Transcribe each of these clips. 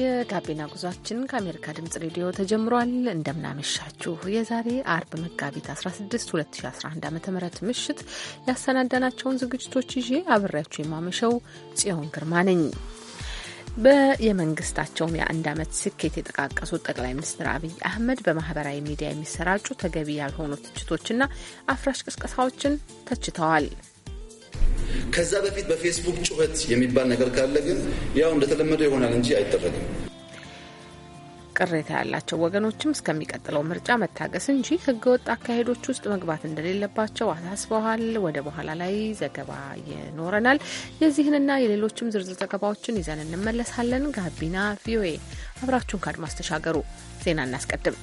የጋቢና ጉዟችን ከአሜሪካ ድምጽ ሬዲዮ ተጀምሯል። እንደምናመሻችሁ የዛሬ አርብ መጋቢት 16 2011 ዓ ም ምሽት ያሰናዳናቸውን ዝግጅቶች ይዤ አብሬያችሁ የማመሸው ጽዮን ግርማ ነኝ። በየመንግስታቸውም የአንድ ዓመት ስኬት የጠቃቀሱት ጠቅላይ ሚኒስትር አብይ አህመድ በማህበራዊ ሚዲያ የሚሰራጩ ተገቢ ያልሆኑ ትችቶችና አፍራሽ ቅስቀሳዎችን ተችተዋል። ከዛ በፊት በፌስቡክ ጩኸት የሚባል ነገር ካለ ግን ያው እንደተለመደው ይሆናል እንጂ አይደረግም። ቅሬታ ያላቸው ወገኖችም እስከሚቀጥለው ምርጫ መታገስ እንጂ ህገወጥ አካሄዶች ውስጥ መግባት እንደሌለባቸው አሳስበዋል። ወደ በኋላ ላይ ዘገባ ይኖረናል። የዚህንና የሌሎችም ዝርዝር ዘገባዎችን ይዘን እንመለሳለን። ጋቢና ቪኦኤ አብራችሁን ከአድማስ ተሻገሩ። ዜና እናስቀድም።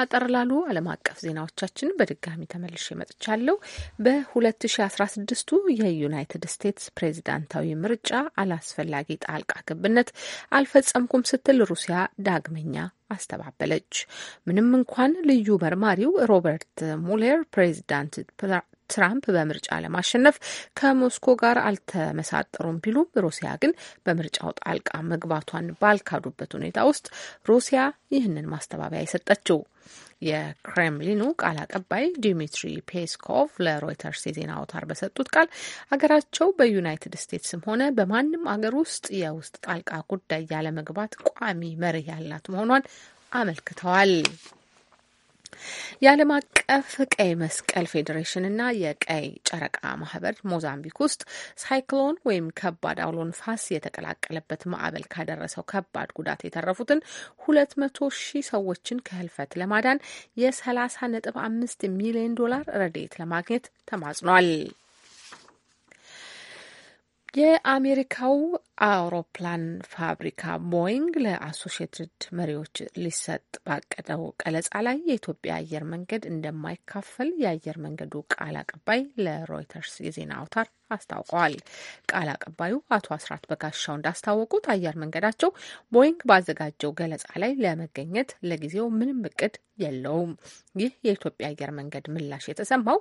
አጠር ላሉ ዓለም አቀፍ ዜናዎቻችን በድጋሚ ተመልሼ መጥቻለሁ። በ2016ቱ የዩናይትድ ስቴትስ ፕሬዚዳንታዊ ምርጫ አላስፈላጊ ጣልቃ ገብነት አልፈጸምኩም ስትል ሩሲያ ዳግመኛ አስተባበለች። ምንም እንኳን ልዩ መርማሪው ሮበርት ሙሌር ፕሬዚዳንት ትራምፕ በምርጫ ለማሸነፍ ከሞስኮ ጋር አልተመሳጠሩም ቢሉም ሩሲያ ግን በምርጫው ጣልቃ መግባቷን ባልካዱበት ሁኔታ ውስጥ ሩሲያ ይህንን ማስተባበያ የሰጠችው። የክሬምሊኑ ቃል አቀባይ ዲሚትሪ ፔስኮቭ ለሮይተርስ የዜና አውታር በሰጡት ቃል አገራቸው በዩናይትድ ስቴትስም ሆነ በማንም አገር ውስጥ የውስጥ ጣልቃ ጉዳይ ያለመግባት ቋሚ መርህ ያላት መሆኗን አመልክተዋል። የዓለም አቀፍ ቀይ መስቀል ፌዴሬሽንና የቀይ ጨረቃ ማህበር ሞዛምቢክ ውስጥ ሳይክሎን ወይም ከባድ አውሎ ንፋስ የተቀላቀለበት ማዕበል ካደረሰው ከባድ ጉዳት የተረፉትን ሁለት መቶ ሺህ ሰዎችን ከህልፈት ለማዳን የሰላሳ ነጥብ አምስት ሚሊዮን ዶላር ረድኤት ለማግኘት ተማጽኗል። የአሜሪካው አውሮፕላን ፋብሪካ ቦይንግ ለአሶሽየትድ መሪዎች ሊሰጥ ባቀደው ቀለጻ ላይ የኢትዮጵያ አየር መንገድ እንደማይካፈል የአየር መንገዱ ቃል አቀባይ ለሮይተርስ የዜና አውታር አስታውቀዋል። ቃል አቀባዩ አቶ አስራት በጋሻው እንዳስታወቁት አየር መንገዳቸው ቦይንግ ባዘጋጀው ገለጻ ላይ ለመገኘት ለጊዜው ምንም እቅድ የለውም። ይህ የኢትዮጵያ አየር መንገድ ምላሽ የተሰማው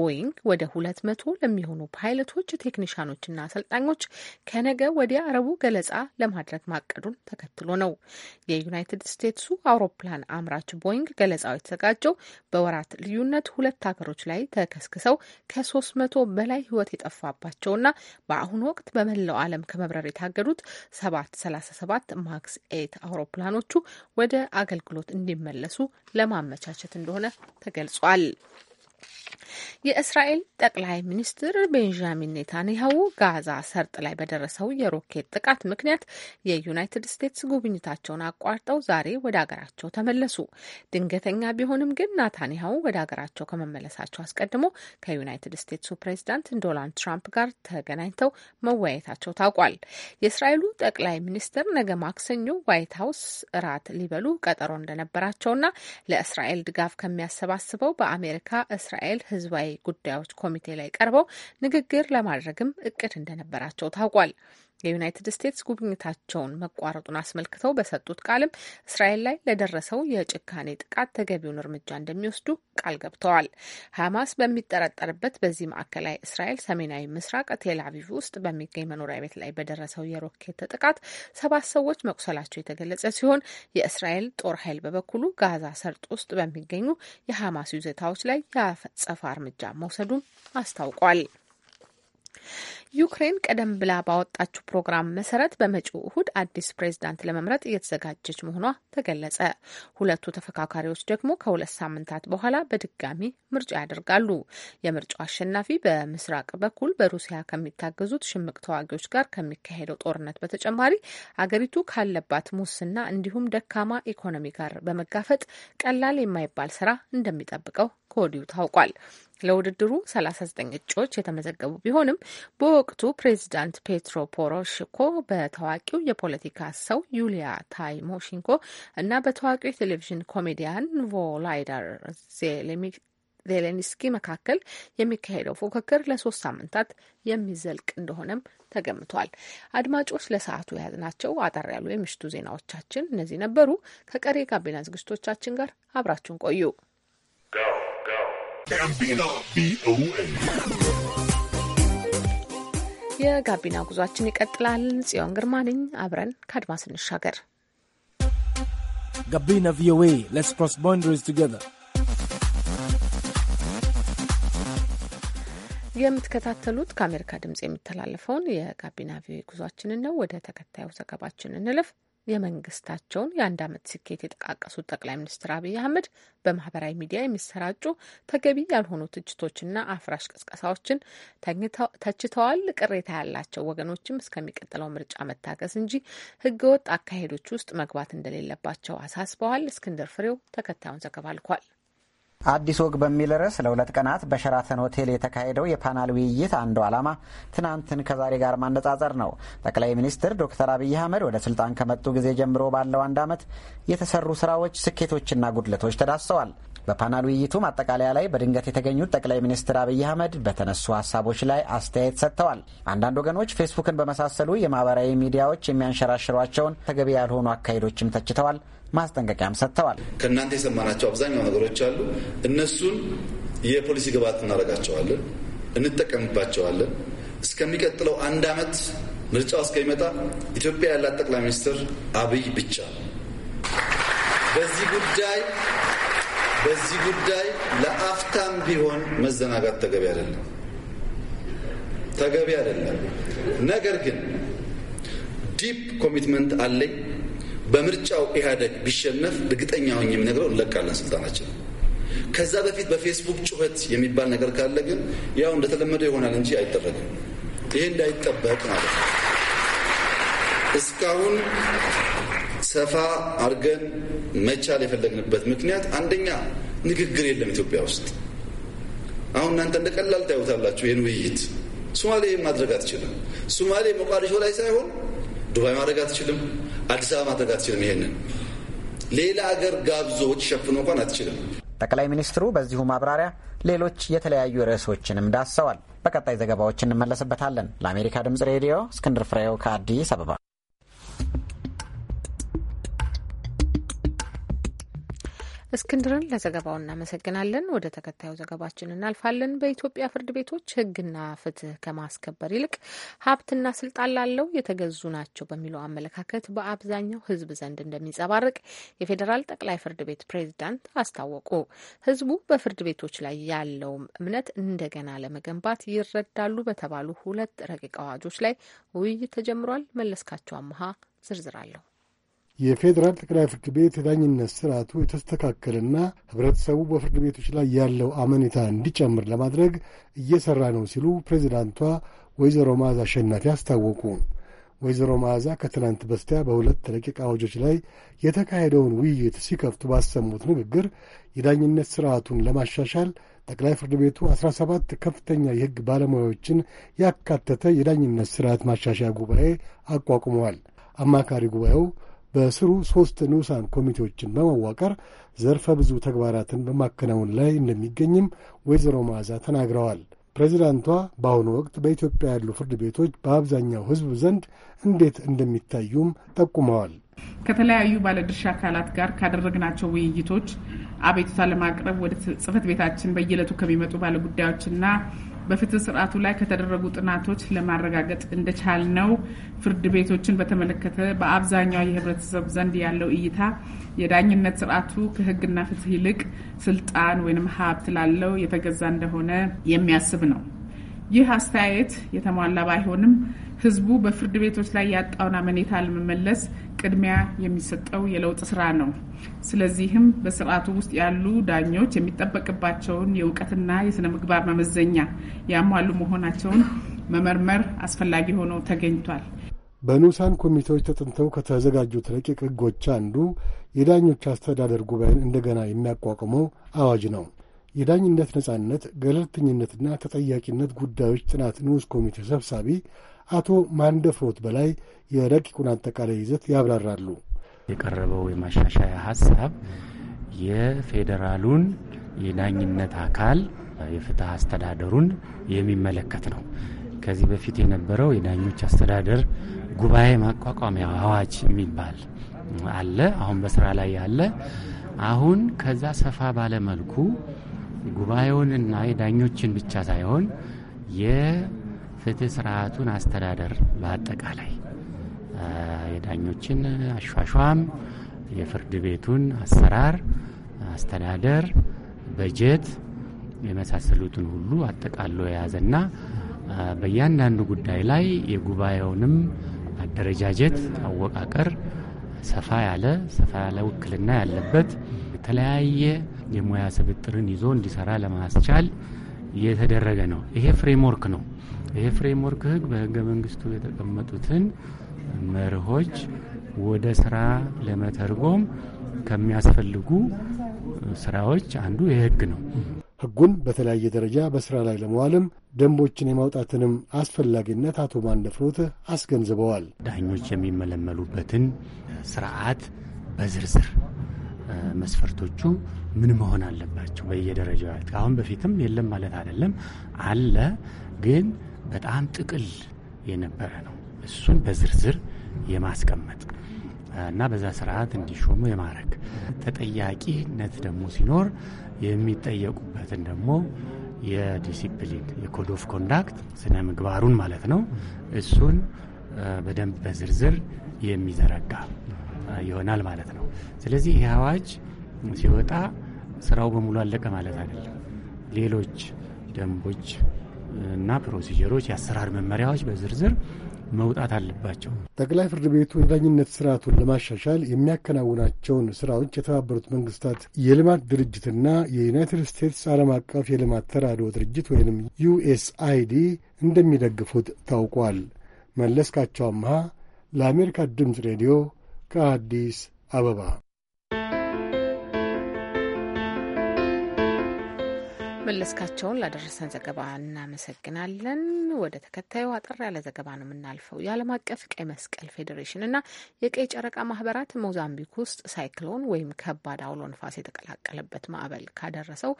ቦይንግ ወደ ሁለት መቶ ለሚሆኑ ፓይለቶች ቴክኒሽያኖችና አሰልጣኞች ከነገ ወዲያ የአረቡ ገለጻ ለማድረግ ማቀዱን ተከትሎ ነው። የዩናይትድ ስቴትሱ አውሮፕላን አምራች ቦይንግ ገለጻው የተዘጋጀው በወራት ልዩነት ሁለት ሀገሮች ላይ ተከስክሰው ከሶስት መቶ በላይ የጠፋባቸው የጠፋባቸውና በአሁኑ ወቅት በመላው ዓለም ከመብረር የታገዱት ሰባት ሰላሳ ሰባት ማክስ ኤት አውሮፕላኖቹ ወደ አገልግሎት እንዲመለሱ ለማመቻቸት እንደሆነ ተገልጿል። የእስራኤል ጠቅላይ ሚኒስትር ቤንጃሚን ኔታንያሁ ጋዛ ሰርጥ ላይ በደረሰው የሮኬት ጥቃት ምክንያት የዩናይትድ ስቴትስ ጉብኝታቸውን አቋርጠው ዛሬ ወደ አገራቸው ተመለሱ። ድንገተኛ ቢሆንም ግን ናታንያሁ ወደ አገራቸው ከመመለሳቸው አስቀድሞ ከዩናይትድ ስቴትሱ ፕሬዚዳንት ዶናልድ ትራምፕ ጋር ተገናኝተው መወያየታቸው ታውቋል። የእስራኤሉ ጠቅላይ ሚኒስትር ነገ ማክሰኞ ዋይት ሀውስ እራት ሊበሉ ቀጠሮ እንደነበራቸውና ለእስራኤል ድጋፍ ከሚያሰባስበው በአሜሪካ የእስራኤል ህዝባዊ ጉዳዮች ኮሚቴ ላይ ቀርበው ንግግር ለማድረግም እቅድ እንደነበራቸው ታውቋል። የዩናይትድ ስቴትስ ጉብኝታቸውን መቋረጡን አስመልክተው በሰጡት ቃልም እስራኤል ላይ ለደረሰው የጭካኔ ጥቃት ተገቢውን እርምጃ እንደሚወስዱ ቃል ገብተዋል። ሐማስ በሚጠረጠርበት በዚህ ማዕከላዊ እስራኤል ሰሜናዊ ምስራቅ ቴልአቪቭ ውስጥ በሚገኝ መኖሪያ ቤት ላይ በደረሰው የሮኬት ጥቃት ሰባት ሰዎች መቁሰላቸው የተገለጸ ሲሆን የእስራኤል ጦር ኃይል በበኩሉ ጋዛ ሰርጥ ውስጥ በሚገኙ የሐማስ ይዞታዎች ላይ የአጸፋ እርምጃ መውሰዱም አስታውቋል። ዩክሬን ቀደም ብላ ባወጣችው ፕሮግራም መሰረት በመጪው እሁድ አዲስ ፕሬዝዳንት ለመምረጥ እየተዘጋጀች መሆኗ ተገለጸ። ሁለቱ ተፈካካሪዎች ደግሞ ከሁለት ሳምንታት በኋላ በድጋሚ ምርጫ ያደርጋሉ። የምርጫው አሸናፊ በምስራቅ በኩል በሩሲያ ከሚታገዙት ሽምቅ ተዋጊዎች ጋር ከሚካሄደው ጦርነት በተጨማሪ አገሪቱ ካለባት ሙስና እንዲሁም ደካማ ኢኮኖሚ ጋር በመጋፈጥ ቀላል የማይባል ስራ እንደሚጠብቀው ከወዲሁ ታውቋል። ለውድድሩ 39 እጩዎች የተመዘገቡ ቢሆንም በወቅቱ ፕሬዚዳንት ፔትሮ ፖሮሽኮ በታዋቂው የፖለቲካ ሰው ዩሊያ ታይሞሽንኮ እና በታዋቂው የቴሌቪዥን ኮሜዲያን ቮላይዳር ዜሌንስኪ መካከል የሚካሄደው ፉክክር ለሶስት ሳምንታት የሚዘልቅ እንደሆነም ተገምቷል። አድማጮች፣ ለሰዓቱ የያዝናቸው አጠር ያሉ የምሽቱ ዜናዎቻችን እነዚህ ነበሩ። ከቀሪ የጋቢና ዝግጅቶቻችን ጋር አብራችሁን ቆዩ። ጋቢና ቪኦኤ የጋቢና ጉዟችን ይቀጥላል። ጽዮን ግርማ ነኝ። አብረን ከአድማስ እንሻገር። ጋቢና ቪኦኤ ሌትስ ክሮስ ቦንደሪስ ቱጌዘር የምትከታተሉት ከአሜሪካ ድምፅ የሚተላለፈውን የጋቢና ቪኦኤ ጉዟችንን ነው። ወደ ተከታዩ ዘገባችን እንልፍ። የመንግስታቸውን የአንድ ዓመት ስኬት የጠቃቀሱት ጠቅላይ ሚኒስትር አብይ አህመድ በማህበራዊ ሚዲያ የሚሰራጩ ተገቢ ያልሆኑ ትችቶችና አፍራሽ ቅስቀሳዎችን ተችተዋል። ቅሬታ ያላቸው ወገኖችም እስከሚቀጥለው ምርጫ መታገስ እንጂ ህገወጥ አካሄዶች ውስጥ መግባት እንደሌለባቸው አሳስበዋል። እስክንድር ፍሬው ተከታዩን ዘገባ ልኳል። አዲስ ወግ በሚል ርዕስ ለሁለት ቀናት በሸራተን ሆቴል የተካሄደው የፓናል ውይይት አንዱ ዓላማ ትናንትን ከዛሬ ጋር ማነጻጸር ነው። ጠቅላይ ሚኒስትር ዶክተር አብይ አህመድ ወደ ስልጣን ከመጡ ጊዜ ጀምሮ ባለው አንድ ዓመት የተሰሩ ስራዎች፣ ስኬቶችና ጉድለቶች ተዳስሰዋል። በፓናል ውይይቱ ማጠቃለያ ላይ በድንገት የተገኙት ጠቅላይ ሚኒስትር አብይ አህመድ በተነሱ ሀሳቦች ላይ አስተያየት ሰጥተዋል። አንዳንድ ወገኖች ፌስቡክን በመሳሰሉ የማህበራዊ ሚዲያዎች የሚያንሸራሽሯቸውን ተገቢ ያልሆኑ አካሄዶችም ተችተዋል። ማስጠንቀቂያም ሰጥተዋል። ከእናንተ የሰማናቸው አብዛኛው ነገሮች አሉ። እነሱን የፖሊሲ ግብዓት እናደርጋቸዋለን፣ እንጠቀምባቸዋለን። እስከሚቀጥለው አንድ ዓመት ምርጫው እስከሚመጣ ኢትዮጵያ ያላት ጠቅላይ ሚኒስትር አብይ ብቻ በዚህ ጉዳይ በዚህ ጉዳይ ለአፍታም ቢሆን መዘናጋት ተገቢ አይደለም፣ ተገቢ አይደለም። ነገር ግን ዲፕ ኮሚትመንት አለኝ በምርጫው ኢህአደግ ቢሸነፍ እርግጠኛ ሆኜ የምነግረው እንለቃለን ስልጣናችን። ከዛ በፊት በፌስቡክ ጩኸት የሚባል ነገር ካለ ግን ያው እንደተለመደው ይሆናል እንጂ አይጠረግም። ይሄ እንዳይጠበቅ ማለት ነው። እስካሁን ሰፋ አድርገን መቻል የፈለግንበት ምክንያት አንደኛ ንግግር የለም ኢትዮጵያ ውስጥ። አሁን እናንተ እንደ ቀላል ታዩታላችሁ ይህን ውይይት። ሶማሌ ማድረግ አትችልም። ሶማሌ ሞቃዲሾ ላይ ሳይሆን ዱባይ ማድረግ አትችልም። አዲስ አበባ ማድረግ አትችልም። ይሄንን ሌላ አገር ጋብዞ ሸፍኖ እንኳን አትችልም። ጠቅላይ ሚኒስትሩ በዚሁ ማብራሪያ ሌሎች የተለያዩ ርዕሶችንም ዳሰዋል። በቀጣይ ዘገባዎች እንመለስበታለን። ለአሜሪካ ድምጽ ሬዲዮ እስክንድር ፍሬው ከአዲስ አበባ እስክንድርን ለዘገባው እናመሰግናለን። ወደ ተከታዩ ዘገባችን እናልፋለን። በኢትዮጵያ ፍርድ ቤቶች ሕግና ፍትህ ከማስከበር ይልቅ ሀብትና ስልጣን ላለው የተገዙ ናቸው በሚለው አመለካከት በአብዛኛው ሕዝብ ዘንድ እንደሚንጸባረቅ የፌዴራል ጠቅላይ ፍርድ ቤት ፕሬዚዳንት አስታወቁ። ሕዝቡ በፍርድ ቤቶች ላይ ያለው እምነት እንደገና ለመገንባት ይረዳሉ በተባሉ ሁለት ረቂቅ አዋጆች ላይ ውይይት ተጀምሯል። መለስካቸው አመሃ ዝርዝር አለሁ የፌዴራል ጠቅላይ ፍርድ ቤት የዳኝነት ስርዓቱ የተስተካከለና ህብረተሰቡ በፍርድ ቤቶች ላይ ያለው አመኔታ እንዲጨምር ለማድረግ እየሰራ ነው ሲሉ ፕሬዚዳንቷ ወይዘሮ መዓዛ አሸናፊ አስታወቁ። ወይዘሮ መዓዛ ከትናንት በስቲያ በሁለት ረቂቅ አዋጆች ላይ የተካሄደውን ውይይት ሲከፍቱ ባሰሙት ንግግር የዳኝነት ስርዓቱን ለማሻሻል ጠቅላይ ፍርድ ቤቱ አስራ ሰባት ከፍተኛ የሕግ ባለሙያዎችን ያካተተ የዳኝነት ስርዓት ማሻሻያ ጉባኤ አቋቁመዋል። አማካሪ ጉባኤው በስሩ ሶስት ንዑሳን ኮሚቴዎችን በማዋቀር ዘርፈ ብዙ ተግባራትን በማከናወን ላይ እንደሚገኝም ወይዘሮ መዓዛ ተናግረዋል። ፕሬዚዳንቷ በአሁኑ ወቅት በኢትዮጵያ ያሉ ፍርድ ቤቶች በአብዛኛው ሕዝብ ዘንድ እንዴት እንደሚታዩም ጠቁመዋል። ከተለያዩ ባለድርሻ አካላት ጋር ካደረግናቸው ውይይቶች አቤቱታ ለማቅረብ ወደ ጽህፈት ቤታችን በየዕለቱ ከሚመጡ ባለጉዳዮችና በፍትህ ስርዓቱ ላይ ከተደረጉ ጥናቶች ለማረጋገጥ እንደቻልነው ፍርድ ቤቶችን በተመለከተ በአብዛኛው የህብረተሰብ ዘንድ ያለው እይታ የዳኝነት ስርዓቱ ከህግና ፍትህ ይልቅ ስልጣን ወይም ሀብት ላለው የተገዛ እንደሆነ የሚያስብ ነው። ይህ አስተያየት የተሟላ ባይሆንም ህዝቡ በፍርድ ቤቶች ላይ ያጣውን አመኔታ ለመመለስ ቅድሚያ የሚሰጠው የለውጥ ስራ ነው። ስለዚህም በስርዓቱ ውስጥ ያሉ ዳኞች የሚጠበቅባቸውን የእውቀትና የስነ ምግባር መመዘኛ ያሟሉ መሆናቸውን መመርመር አስፈላጊ ሆኖ ተገኝቷል። በንዑሳን ኮሚቴዎች ተጥንተው ከተዘጋጁት ረቂቅ ህጎች አንዱ የዳኞች አስተዳደር ጉባኤን እንደገና የሚያቋቁመው አዋጅ ነው። የዳኝነት ነጻነት፣ ገለልተኝነትና ተጠያቂነት ጉዳዮች ጥናት ንዑስ ኮሚቴ ሰብሳቢ አቶ ማንደፍሮት በላይ የረቂቁን አጠቃላይ ይዘት ያብራራሉ። የቀረበው የማሻሻያ ሀሳብ የፌዴራሉን የዳኝነት አካል የፍትህ አስተዳደሩን የሚመለከት ነው። ከዚህ በፊት የነበረው የዳኞች አስተዳደር ጉባኤ ማቋቋሚያ አዋጅ የሚባል አለ፣ አሁን በስራ ላይ ያለ። አሁን ከዛ ሰፋ ባለ መልኩ ጉባኤውንና የዳኞችን ብቻ ሳይሆን ፍትህ ስርዓቱን አስተዳደር በአጠቃላይ የዳኞችን አሿሿም፣ የፍርድ ቤቱን አሰራር አስተዳደር፣ በጀት የመሳሰሉትን ሁሉ አጠቃሎ የያዘና በእያንዳንዱ ጉዳይ ላይ የጉባኤውንም አደረጃጀት አወቃቀር ሰፋ ያለ ሰፋ ያለ ውክልና ያለበት የተለያየ የሙያ ስብጥርን ይዞ እንዲሰራ ለማስቻል እየተደረገ ነው። ይሄ ፍሬምወርክ ነው። ይሄ ፍሬምወርክ ህግ በህገ መንግስቱ የተቀመጡትን መርሆች ወደ ስራ ለመተርጎም ከሚያስፈልጉ ስራዎች አንዱ የህግ ነው። ህጉን በተለያየ ደረጃ በስራ ላይ ለመዋልም ደንቦችን የማውጣትንም አስፈላጊነት አቶ ማንደፍሮት አስገንዝበዋል። ዳኞች የሚመለመሉበትን ስርዓት በዝርዝር መስፈርቶቹ ምን መሆን አለባቸው በየደረጃው ያሉት። ከአሁን በፊትም የለም ማለት አይደለም አለ፣ ግን በጣም ጥቅል የነበረ ነው። እሱን በዝርዝር የማስቀመጥ እና በዛ ስርዓት እንዲሾሙ የማድረግ ተጠያቂነት ደግሞ ሲኖር የሚጠየቁበትን ደግሞ የዲሲፕሊን የኮድ ኦፍ ኮንዳክት ስነ ምግባሩን ማለት ነው። እሱን በደንብ በዝርዝር የሚዘረጋ ይሆናል ማለት ነው። ስለዚህ ይህ አዋጅ ሲወጣ ስራው በሙሉ አለቀ ማለት አይደለም። ሌሎች ደንቦች እና ፕሮሲጀሮች፣ የአሰራር መመሪያዎች በዝርዝር መውጣት አለባቸው። ጠቅላይ ፍርድ ቤቱ የዳኝነት ስርዓቱን ለማሻሻል የሚያከናውናቸውን ስራዎች የተባበሩት መንግስታት የልማት ድርጅትና የዩናይትድ ስቴትስ ዓለም አቀፍ የልማት ተራድኦ ድርጅት ወይንም ዩኤስአይዲ እንደሚደግፉት ታውቋል። መለስካቸው አምሃ ለአሜሪካ ድምፅ ሬዲዮ ከአዲስ አበባ መለስካቸውን ላደረሰን ዘገባ እናመሰግናለን። ወደ ተከታዩ አጠር ያለ ዘገባ ነው የምናልፈው። የዓለም አቀፍ ቀይ መስቀል ፌዴሬሽን እና የቀይ ጨረቃ ማህበራት ሞዛምቢክ ውስጥ ሳይክሎን ወይም ከባድ አውሎ ንፋስ የተቀላቀለበት ማዕበል ካደረሰው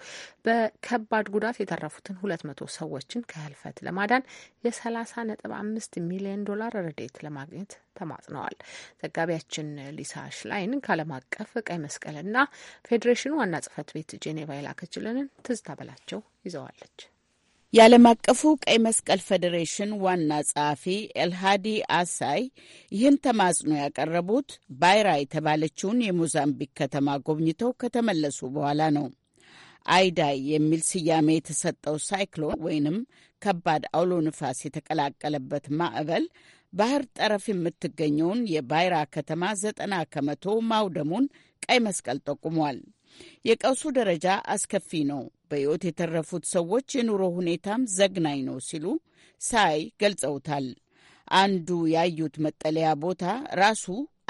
በከባድ ጉዳት የተረፉትን ሁለት መቶ ሰዎችን ከህልፈት ለማዳን የሰላሳ ነጥብ አምስት ሚሊዮን ዶላር ረዴት ለማግኘት ተማጽነዋል። ዘጋቢያችን ሊሳ ሽላይን ከዓለም አቀፍ ቀይ መስቀልና ፌዴሬሽኑ ዋና ጽህፈት ቤት ጄኔቫ የላከችልንን ትዝታ በላቸው ይዘዋለች። የዓለም አቀፉ ቀይ መስቀል ፌዴሬሽን ዋና ጸሐፊ ኤልሃዲ አሳይ ይህን ተማጽኖ ያቀረቡት ባይራ የተባለችውን የሞዛምቢክ ከተማ ጎብኝተው ከተመለሱ በኋላ ነው። አይዳይ የሚል ስያሜ የተሰጠው ሳይክሎን ወይንም ከባድ አውሎ ንፋስ የተቀላቀለበት ማዕበል ባህር ጠረፍ የምትገኘውን የባይራ ከተማ ዘጠና ከመቶ ማውደሙን ቀይ መስቀል ጠቁሟል። የቀውሱ ደረጃ አስከፊ ነው፣ በሕይወት የተረፉት ሰዎች የኑሮ ሁኔታም ዘግናኝ ነው ሲሉ ሳይ ገልጸውታል። አንዱ ያዩት መጠለያ ቦታ ራሱ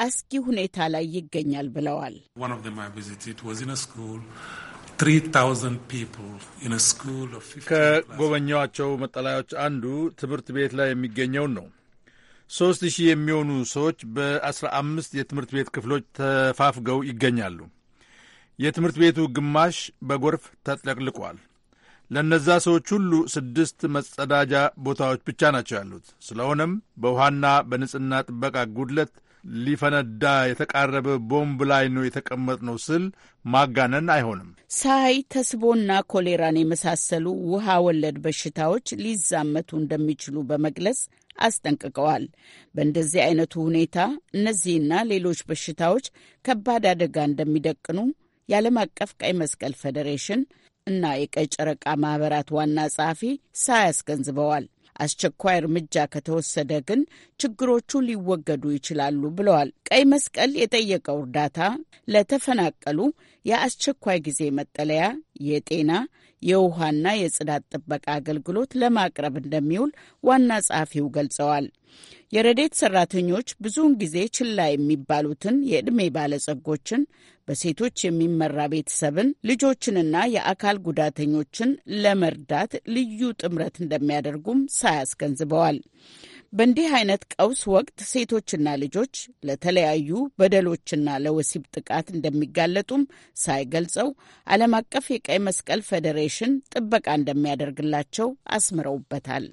አስጊ ሁኔታ ላይ ይገኛል ብለዋል። ከጎበኛቸው መጠለያዎች አንዱ ትምህርት ቤት ላይ የሚገኘውን ነው። ሶስት ሺህ የሚሆኑ ሰዎች በአስራ አምስት የትምህርት ቤት ክፍሎች ተፋፍገው ይገኛሉ። የትምህርት ቤቱ ግማሽ በጎርፍ ተጥለቅልቋል። ለእነዛ ሰዎች ሁሉ ስድስት መጸዳጃ ቦታዎች ብቻ ናቸው ያሉት። ስለሆነም በውሃና በንጽህና ጥበቃ ጉድለት ሊፈነዳ የተቃረበ ቦምብ ላይ ነው የተቀመጥነው ስል ማጋነን አይሆንም። ፀሐይ፣ ተስቦና ኮሌራን የመሳሰሉ ውሃ ወለድ በሽታዎች ሊዛመቱ እንደሚችሉ በመግለጽ አስጠንቅቀዋል። በእንደዚህ አይነቱ ሁኔታ እነዚህና ሌሎች በሽታዎች ከባድ አደጋ እንደሚደቅኑ የዓለም አቀፍ ቀይ መስቀል ፌዴሬሽን እና የቀይ ጨረቃ ማኅበራት ዋና ጸሐፊ ሳያስገንዝበዋል። አስቸኳይ እርምጃ ከተወሰደ ግን ችግሮቹ ሊወገዱ ይችላሉ ብለዋል። ቀይ መስቀል የጠየቀው እርዳታ ለተፈናቀሉ የአስቸኳይ ጊዜ መጠለያ፣ የጤና የውሃና የጽዳት ጥበቃ አገልግሎት ለማቅረብ እንደሚውል ዋና ጸሐፊው ገልጸዋል። የረዴት ሰራተኞች ብዙውን ጊዜ ችላ የሚባሉትን የዕድሜ ባለጸጎችን፣ በሴቶች የሚመራ ቤተሰብን፣ ልጆችንና የአካል ጉዳተኞችን ለመርዳት ልዩ ጥምረት እንደሚያደርጉም ሳያስገንዝበዋል። በእንዲህ አይነት ቀውስ ወቅት ሴቶችና ልጆች ለተለያዩ በደሎችና ለወሲብ ጥቃት እንደሚጋለጡም ሳይገልጸው ዓለም አቀፍ የቀይ መስቀል ፌዴሬሽን ጥበቃ እንደሚያደርግላቸው አስምረውበታል።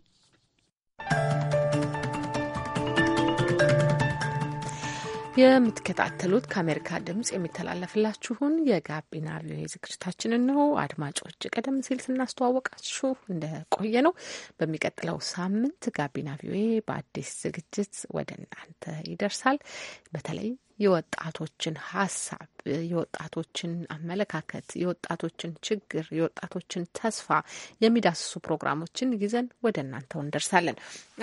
የምትከታተሉት ከአሜሪካ ድምጽ የሚተላለፍላችሁን የጋቢና ቪኦኤ ዝግጅታችንን ነው። አድማጮች ቀደም ሲል ስናስተዋወቃችሁ እንደቆየ ነው። በሚቀጥለው ሳምንት ጋቢና ቪኦኤ በአዲስ ዝግጅት ወደ እናንተ ይደርሳል። በተለይ የወጣቶችን ሀሳብ፣ የወጣቶችን አመለካከት፣ የወጣቶችን ችግር፣ የወጣቶችን ተስፋ የሚዳስሱ ፕሮግራሞችን ይዘን ወደ እናንተው እንደርሳለን።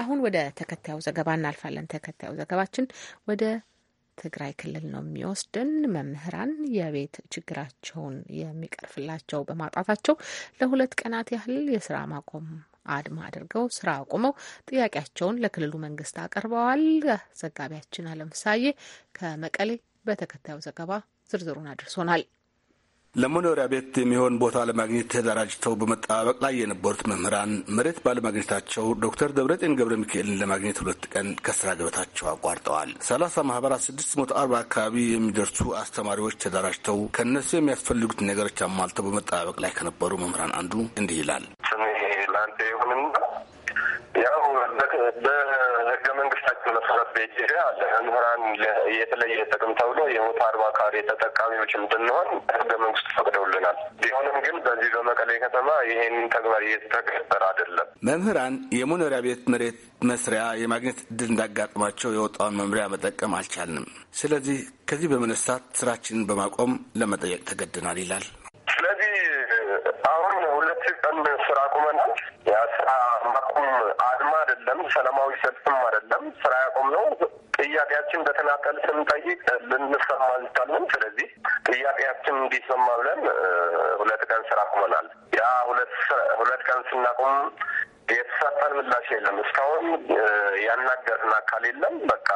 አሁን ወደ ተከታዩ ዘገባ እናልፋለን። ተከታዩ ዘገባችን ወደ ትግራይ ክልል ነው የሚወስድን። መምህራን የቤት ችግራቸውን የሚቀርፍላቸው በማጣታቸው ለሁለት ቀናት ያህል የስራ ማቆም አድማ አድርገው ስራ አቁመው ጥያቄያቸውን ለክልሉ መንግስት አቅርበዋል። ዘጋቢያችን አለም ፍሳዬ ከመቀሌ በተከታዩ ዘገባ ዝርዝሩን አድርሶናል። ለመኖሪያ ቤት የሚሆን ቦታ ለማግኘት ተደራጅተው በመጠባበቅ ላይ የነበሩት መምህራን መሬት ባለማግኘታቸው ዶክተር ደብረጤን ገብረ ሚካኤልን ለማግኘት ሁለት ቀን ከስራ ገበታቸው አቋርጠዋል። ሰላሳ ማህበራት ስድስት መቶ አርባ አካባቢ የሚደርሱ አስተማሪዎች ተደራጅተው ከእነሱ የሚያስፈልጉት ነገሮች አሟልተው በመጠባበቅ ላይ ከነበሩ መምህራን አንዱ እንዲህ ይላል። ስሜ ላንዴ ይሁንና ያው ሄደ አለ መምህራን የተለየ ጥቅም ተብሎ የሞት አርባ ካሬ ተጠቃሚዎች እንድንሆን ህገ መንግስቱ ፈቅደውልናል። ቢሆንም ግን በዚህ በመቀሌ ከተማ ይሄን ተግባር እየተተገበረ አይደለም። መምህራን የመኖሪያ ቤት መሬት መስሪያ የማግኘት እድል እንዳጋጥማቸው የወጣውን መምሪያ መጠቀም አልቻልንም። ስለዚህ ከዚህ በመነሳት ስራችንን በማቆም ለመጠየቅ ተገድናል ይላል። ሰላማዊ ሰልፍም አይደለም ስራ ያቆም ነው። ጥያቄያችን በተናጠል ስንጠይቅ ልንሰማ አልቻልንም። ስለዚህ ጥያቄያችን እንዲሰማ ብለን ሁለት ቀን ስራ አቁመናል። ያ ሁለት ቀን ስናቁም የተሰጠን ምላሽ የለም። እስካሁን ያናገርን አካል የለም። በቃ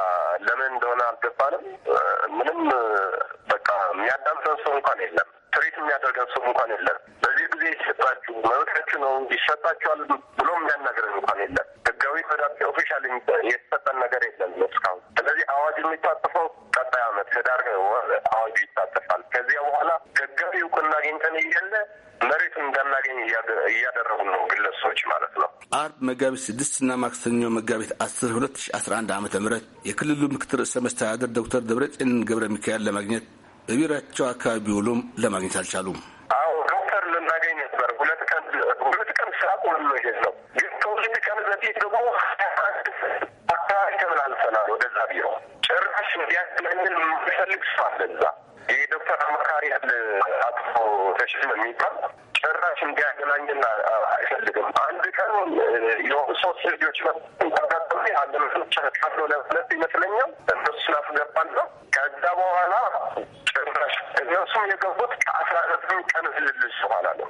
ለምን እንደሆነ አልገባንም። ምንም በቃ የሚያዳምጠን ሰው እንኳን የለም። ትሪት የሚያደርገን ሰው እንኳን የለም። በዚህ ጊዜ ይሰጣችሁ መብታችሁ ነው ይሰጣችኋል ብሎ የሚያናገረን እንኳን የለም። መጋቢት 6 ና ማክሰኞ መጋቢት 10 2011 ዓ ም የክልሉ ምክትል ርዕሰ መስተዳደር ዶክተር ደብረጽዮን ገብረ ሚካኤል ለማግኘት በቢሮቸው አካባቢ ውሎም ለማግኘት አልቻሉም። ሶስት ልጆች አጋጠመ አንድ መሰለኝ ካለ ለሁለት ይመስለኛል እነሱን ገባለ ከዛ በኋላ ጭራሽ እነሱም የገቡት ከአስራ ዘጠኝ ቀን ህልልስ በኋላ ነው።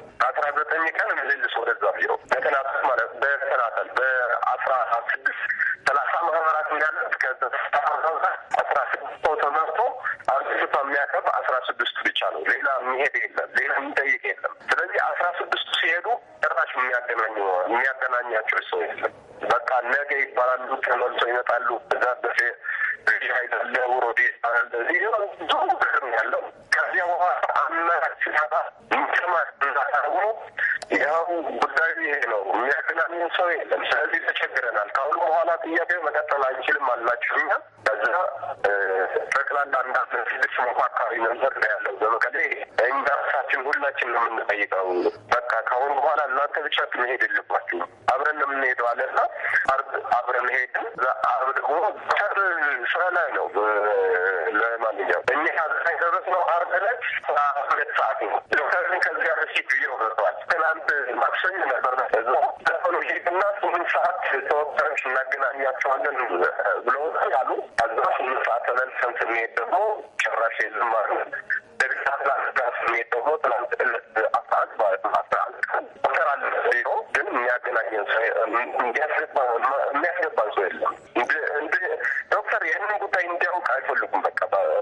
ራሳችን ሁላችን ነው የምንጠይቀው። በቃ ከአሁን በኋላ እናንተ ብቻችሁ መሄድ የለባችሁ፣ አብረን ነው የምንሄደው አለ እና አርብ አብረን ሄድ። አርብ ደግሞ ሰር ስራ ላይ ነው ለማንኛውም እኛ ደረስ ነው አርብ ዕለት ሁለት ሰዓት ነው ዶክተርን ከዚያ በፊት ብዬ ወርተዋል። ትናንት ማክሰኝ ነበር እዛ ዘፈኑ ሄድና ስምንት ሰዓት ተወጠረች እናገናኛቸዋለን ብሎ ያሉ አዛ ስምንት ሰዓት ተመልሰን ስንሄድ ደግሞ ጭራሽ የዝማር አሉ ደግሳ ላስጋ ስሜት ደግሞ ትናንት አስራ አንድ ማለት ነው አስራ አንድ ቀን ቢሮ ግን የሚያገናኘን ሰው የሚያስገባን ሰው የለም። እንደ ዶክተር ይህንን ጉዳይ እንዲያውቅ አይፈልጉም። በቃ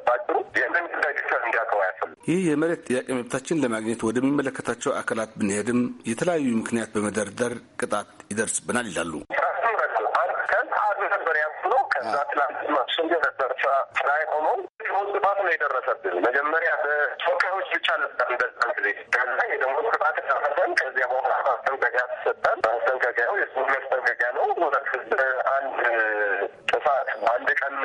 ባጭሩ ይህንን ጉዳይ ዶክተር እንዲያውቀው አያፈልጉም። ይህ የመሬት ጥያቄ መብታችን ለማግኘት ወደሚመለከታቸው አካላት ብንሄድም የተለያዩ ምክንያት በመደርደር ቅጣት ይደርስብናል ይላሉ። የደሞዝ ጥፋት ነው የደረሰብን። መጀመሪያ በተወካዮች ብቻ ነበር በዛን ጊዜ ሲካና የደሞዝ ጥፋት ደረሰን። ከዚያ በኋላ ማስጠንቀቂያ ተሰጠን። ማስጠንቀቂያው የስሙር ማስጠንቀቂያ ነው። አንድ ጥፋት አንድ ቀን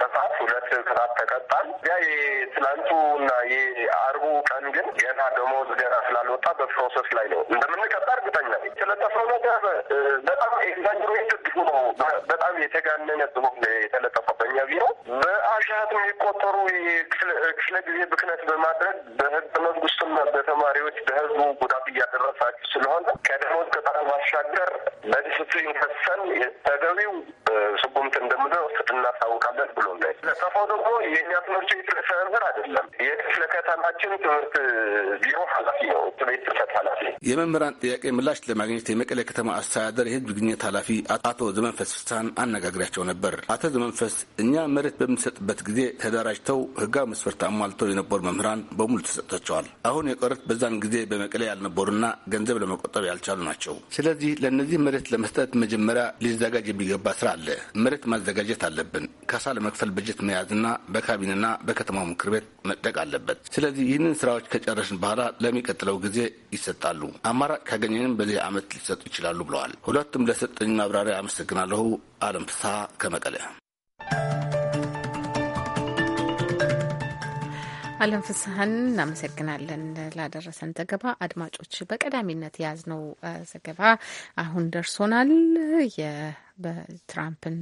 ጥፋት ሁለት ቅጣት ተቀጣን። ያ የትላንቱ እና የአርቡ ቀን ግን ገና ደሞዝ ገና ስላልወጣ በፕሮሰስ ላይ ነው እንደምንቀጣ እርግጠኛ ስለጠፍሮ ነገር በጣም ኤግዛጅሬትድ ነው። በጣም የተጋነነ ጽሁፍ ነው በማድረግ በህገ መንግስቱና በተማሪዎች በህዝቡ ጉዳት እያደረሳችሁ ስለሆነ ከደሞዝ ቅጣት ባሻገር በዲስፕሊን ከሰን ተገቢው ስጉምት እንደምንወስድ እናሳውቃለን ብሎ ነ ለጠፋው ደግሞ የእኛ ትምህርት ቤት የመምህራን ጥያቄ ምላሽ ለማግኘት የመቀሌ ከተማ አስተዳደር የህዝብ ግንኙነት ኃላፊ አቶ ዘመንፈስ ፍሳን አነጋግሪያቸው ነበር። አቶ ዘመንፈስ እኛ መሬት በምንሰጥበት ጊዜ ተደራጅተው ህጋዊ መስፈርት አሟልተው የነበሩ መምህራን በሙሉ ተሰጥቷቸዋል። አሁን የቀሩት በዛን ጊዜ በመቀሌ ያልነበሩና ገንዘብ ለመቆጠብ ያልቻሉ ናቸው። ስለዚህ ለእነዚህ መሬት ለመስጠት መጀመሪያ ሊዘጋጅ የሚገባ ስራ አለ። መሬት ማዘጋጀት አለብን። ካሳ ለመክፈል በጀት መያዝና በካቢኔና በከተማው ምክር ቤት መጠቅ አለበት። ስለዚህ ይህንን ስራዎች ከጨረስን በኋላ ለሚቀጥለው ጊዜ ይሰጣሉ። አማራጭ ካገኘንም በዚህ ዓመት ሊሰጡ ይችላሉ ብለዋል። ሁለቱም ለሰጠኝ ማብራሪያ አመሰግናለሁ። አለም ፍሳ ከመቀለ። አለም ፍስሀን እናመሰግናለን ላደረሰን ዘገባ። አድማጮች በቀዳሚነት የያዝነው ዘገባ አሁን ደርሶናል። በትራምፕን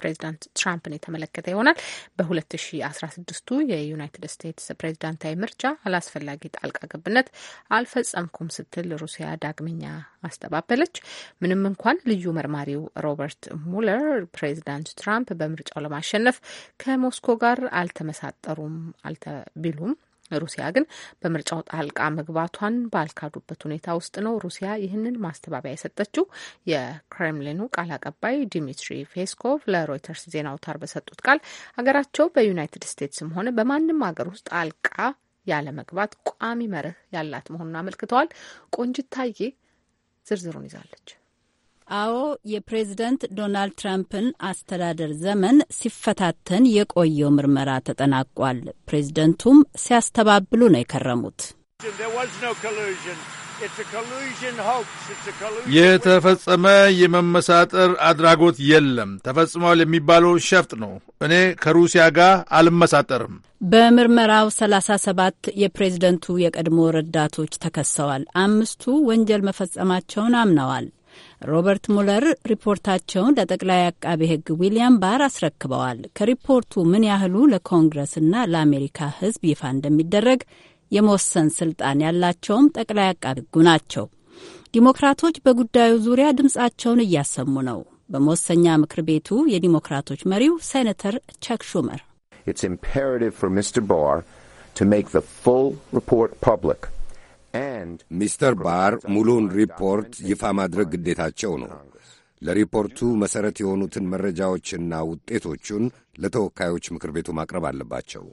ፕሬዚዳንት ትራምፕን የተመለከተ ይሆናል። በ2016ቱ የዩናይትድ ስቴትስ ፕሬዚዳንታዊ ምርጫ አላስፈላጊ ጣልቃ ገብነት አልፈጸምኩም ስትል ሩሲያ ዳግመኛ አስተባበለች። ምንም እንኳን ልዩ መርማሪው ሮበርት ሙለር ፕሬዚዳንት ትራምፕ በምርጫው ለማሸነፍ ከሞስኮ ጋር አልተመሳጠሩም አልተቢሉም ሩሲያ ግን በምርጫው ጣልቃ መግባቷን ባልካዱበት ሁኔታ ውስጥ ነው ሩሲያ ይህንን ማስተባበያ የሰጠችው። የክሬምሊኑ ቃል አቀባይ ዲሚትሪ ፔስኮቭ ለሮይተርስ ዜና አውታር በሰጡት ቃል ሀገራቸው በዩናይትድ ስቴትስም ሆነ በማንም ሀገር ውስጥ ጣልቃ ያለ መግባት ቋሚ መርህ ያላት መሆኑን አመልክተዋል። ቆንጅታዬ ዝርዝሩን ይዛለች። አዎ የፕሬዝደንት ዶናልድ ትራምፕን አስተዳደር ዘመን ሲፈታተን የቆየው ምርመራ ተጠናቋል። ፕሬዝደንቱም ሲያስተባብሉ ነው የከረሙት። የተፈጸመ የመመሳጠር አድራጎት የለም፣ ተፈጽሟል የሚባለው ሸፍጥ ነው። እኔ ከሩሲያ ጋር አልመሳጠርም። በምርመራው 37 የፕሬዝደንቱ የቀድሞ ረዳቶች ተከሰዋል። አምስቱ ወንጀል መፈጸማቸውን አምነዋል። ሮበርት ሙለር ሪፖርታቸውን ለጠቅላይ አቃቤ ሕግ ዊሊያም ባር አስረክበዋል። ከሪፖርቱ ምን ያህሉ ለኮንግረስና ለአሜሪካ ሕዝብ ይፋ እንደሚደረግ የመወሰን ስልጣን ያላቸውም ጠቅላይ አቃቤ ሕጉ ናቸው። ዲሞክራቶች በጉዳዩ ዙሪያ ድምጻቸውን እያሰሙ ነው። በመወሰኛ ምክር ቤቱ የዲሞክራቶች መሪው ሴኔተር ቸክ ሹመር ኢትስ ኢምፔራቲቭ ፎር ሚስተር ባር ቱ ሜክ ዘ ፉል ሪፖርት ፐብሊክ ሚስተር ባር ሙሉውን ሪፖርት ይፋ ማድረግ ግዴታቸው ነው። ለሪፖርቱ መሠረት የሆኑትን መረጃዎችና ውጤቶቹን ለተወካዮች ምክር ቤቱ ማቅረብ አለባቸው።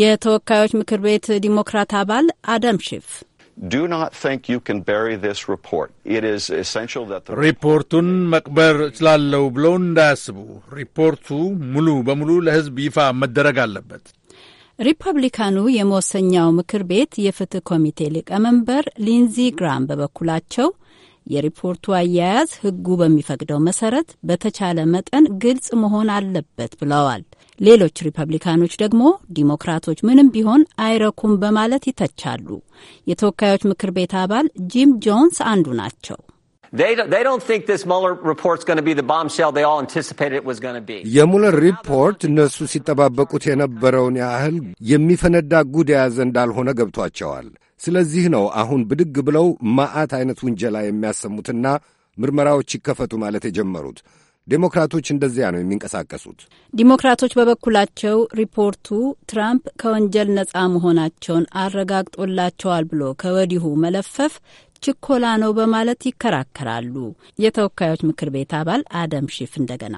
የተወካዮች ምክር ቤት ዲሞክራት አባል አዳም ሼፍ ሪፖርቱን መቅበር እችላለሁ ብለው እንዳያስቡ፣ ሪፖርቱ ሙሉ በሙሉ ለሕዝብ ይፋ መደረግ አለበት። ሪፐብሊካኑ የመወሰኛው ምክር ቤት የፍትህ ኮሚቴ ሊቀመንበር ሊንዚ ግራም በበኩላቸው የሪፖርቱ አያያዝ ህጉ በሚፈቅደው መሰረት በተቻለ መጠን ግልጽ መሆን አለበት ብለዋል። ሌሎች ሪፐብሊካኖች ደግሞ ዲሞክራቶች ምንም ቢሆን አይረኩም በማለት ይተቻሉ። የተወካዮች ምክር ቤት አባል ጂም ጆንስ አንዱ ናቸው። የሙለር ሪፖርት እነሱ ሲጠባበቁት የነበረውን ያህል የሚፈነዳ ጉድ የያዘ እንዳልሆነ ገብቷቸዋል። ስለዚህ ነው አሁን ብድግ ብለው ማአት አይነት ውንጀላ የሚያሰሙትና ምርመራዎች ይከፈቱ ማለት የጀመሩት። ዴሞክራቶች እንደዚያ ነው የሚንቀሳቀሱት። ዲሞክራቶች በበኩላቸው ሪፖርቱ ትራምፕ ከወንጀል ነጻ መሆናቸውን አረጋግጦላቸዋል ብሎ ከወዲሁ መለፈፍ ችኮላ ነው በማለት ይከራከራሉ። የተወካዮች ምክር ቤት አባል አደም ሺፍ እንደገና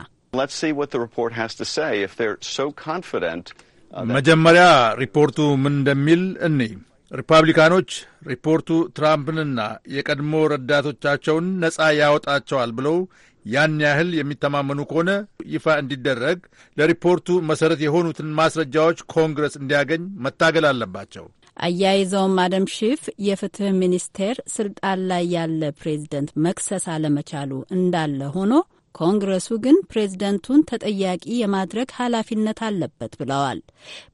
uh, መጀመሪያ ሪፖርቱ ምን እንደሚል እኔ ሪፐብሊካኖች ሪፖርቱ ትራምፕንና የቀድሞ ረዳቶቻቸውን ነጻ ያወጣቸዋል ብለው ያን ያህል የሚተማመኑ ከሆነ ይፋ እንዲደረግ ለሪፖርቱ መሠረት የሆኑትን ማስረጃዎች ኮንግረስ እንዲያገኝ መታገል አለባቸው። አያይዘውም አደም ሺፍ የፍትህ ሚኒስቴር ስልጣን ላይ ያለ ፕሬዝደንት መክሰስ አለመቻሉ እንዳለ ሆኖ ኮንግረሱ ግን ፕሬዝደንቱን ተጠያቂ የማድረግ ኃላፊነት አለበት ብለዋል።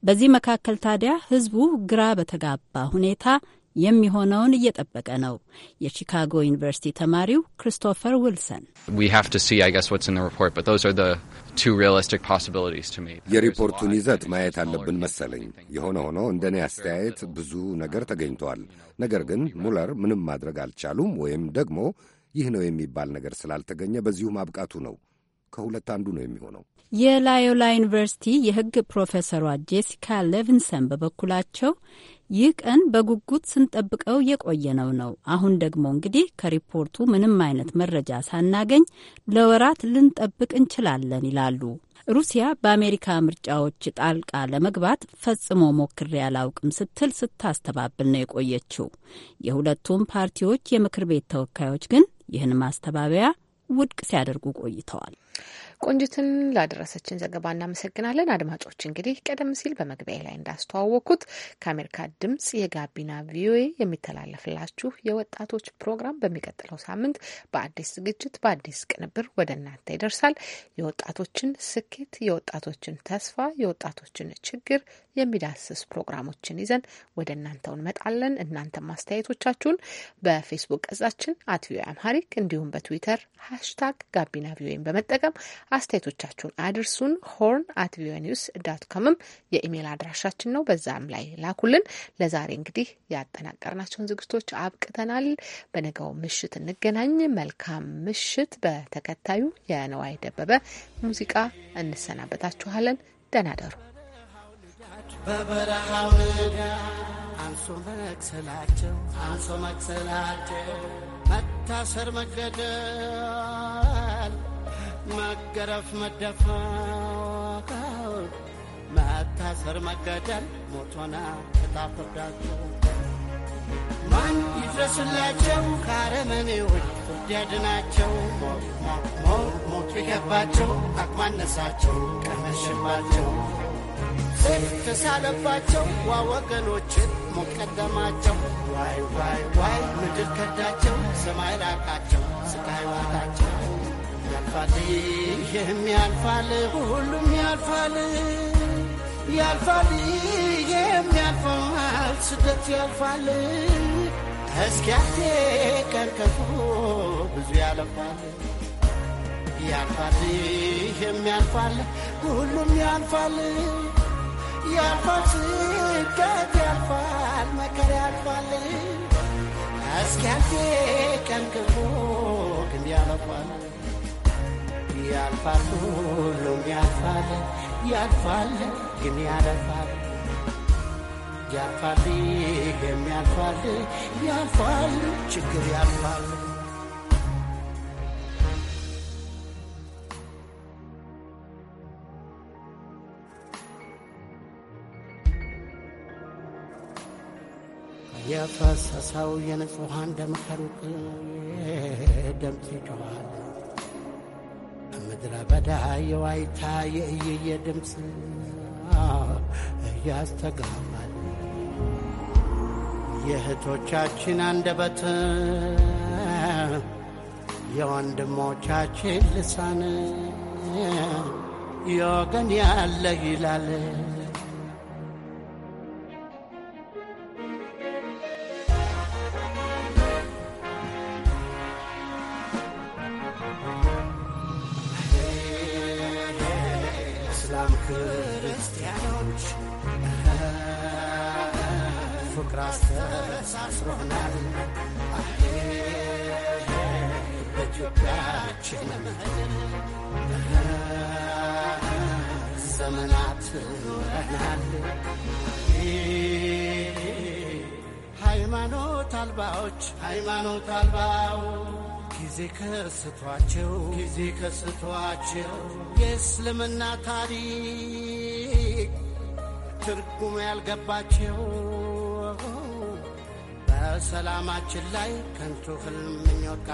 በዚህ መካከል ታዲያ ህዝቡ ግራ በተጋባ ሁኔታ የሚሆነውን እየጠበቀ ነው። የቺካጎ ዩኒቨርሲቲ ተማሪው ክሪስቶፈር ዊልሰን የሪፖርቱን ይዘት ማየት አለብን መሰለኝ። የሆነ ሆኖ እንደ እኔ አስተያየት ብዙ ነገር ተገኝተዋል። ነገር ግን ሙለር ምንም ማድረግ አልቻሉም፣ ወይም ደግሞ ይህ ነው የሚባል ነገር ስላልተገኘ በዚሁ ማብቃቱ ነው። ከሁለት አንዱ ነው የሚሆነው። የላዮላ ዩኒቨርሲቲ የሕግ ፕሮፌሰሯ ጄሲካ ሌቪንሰን በበኩላቸው ይህ ቀን በጉጉት ስንጠብቀው የቆየነው ነው። አሁን ደግሞ እንግዲህ ከሪፖርቱ ምንም አይነት መረጃ ሳናገኝ ለወራት ልንጠብቅ እንችላለን ይላሉ። ሩሲያ በአሜሪካ ምርጫዎች ጣልቃ ለመግባት ፈጽሞ ሞክሬ አላውቅም ስትል ስታስተባብል ነው የቆየችው። የሁለቱም ፓርቲዎች የምክር ቤት ተወካዮች ግን ይህን ማስተባበያ ውድቅ ሲያደርጉ ቆይተዋል። ቆንጅትን ላደረሰችን ዘገባ እናመሰግናለን። አድማጮች እንግዲህ ቀደም ሲል በመግቢያ ላይ እንዳስተዋወቅኩት ከአሜሪካ ድምጽ የጋቢና ቪኦኤ የሚተላለፍላችሁ የወጣቶች ፕሮግራም በሚቀጥለው ሳምንት በአዲስ ዝግጅት በአዲስ ቅንብር ወደ እናንተ ይደርሳል። የወጣቶችን ስኬት፣ የወጣቶችን ተስፋ፣ የወጣቶችን ችግር የሚዳስስ ፕሮግራሞችን ይዘን ወደ እናንተው እንመጣለን። እናንተ ማስተያየቶቻችሁን በፌስቡክ ገጻችን አት ቪኦኤ አምሃሪክ እንዲሁም በትዊተር ሃሽታግ ጋቢና ቪኦኤን በመጠቀም አስተያየቶቻችሁን አድርሱን። ሆርን አት ቪኦኤ ኒውስ ዳት ኮምም የኢሜይል አድራሻችን ነው። በዛም ላይ ላኩልን። ለዛሬ እንግዲህ ያጠናቀርናቸውን ዝግጅቶች አብቅተናል። በነገው ምሽት እንገናኝ። መልካም ምሽት። በተከታዩ የነዋይ ደበበ ሙዚቃ እንሰናበታችኋለን። ደህና ደሩ። አንሶ መክሰላቸው አንሶ መክሰላቸው መታሰር መገደል መገረፍ፣ መደፈር፣ መታሰር፣ መገደል ሞቶና ተጣፍርዳቸው ማን ይድረስላቸው ካረመኔዎች ፍርድ ያድናቸው ሞቱ የገባቸው አቅማነሳቸው ቀመሽባቸው ሰይፍ ተሳለባቸው ዋ ወገኖችን ሞት ቀደማቸው ዋይ ዋይ ዋይ ምድር ከዳቸው ሰማይ ራቃቸው ስቃይ ዋጣቸው ያልፋል፣ ይህም ያልፋል፣ ሁሉም ያልፋል፣ ያልፋል፣ ይህም ያልፋል፣ ስደት ያልፋል። እስኪያቴ ቀርከፉ ብዙ ያለፋል፣ ያልፋል፣ ይህም ያልፋል፣ ሁሉም ያልፋል፣ ያልፋል፣ ስደት ያልፋል፣ መከር ያልፋል። እስኪያቴ ቀርከፉ ግን ያለፋል ያልፋል ሁሉም ያልፋል ያልፋል ግን ያለፋል ያልፋል ግን ያልፋል ያልፋል ችግር ያልፋል የፈሰሰው የንጹሐን ደም ከሩቅ ይጮኻል ምድረ በዳ የዋይታ የእየየ ድምፅ እያስተጋባል የእህቶቻችን አንደበት የወንድሞቻችን ልሳን የወገን ያለ ይላል ኢትዮጵያችን ሃይማኖት አልባዎች ሃይማኖት አልባው ጊዜ ከስቷቸው ጊዜ ከስቷቸው የእስልምና ታሪክ ትርጉም ያልገባቸው በሰላማችን ላይ ከንቱ ህልም ምኞት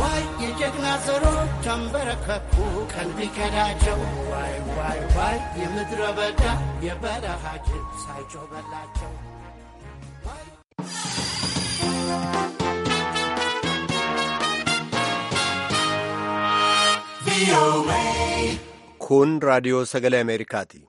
ዋይ የጀግና ዘሮ ተንበረከኩ ቀን ቢከዳቸው ዋይ ዋይ ዋይ የምድረ በዳ የበረሃ ጅብ ሳይጮህ በላቸው። Kun radio sagalee Ameerikaati.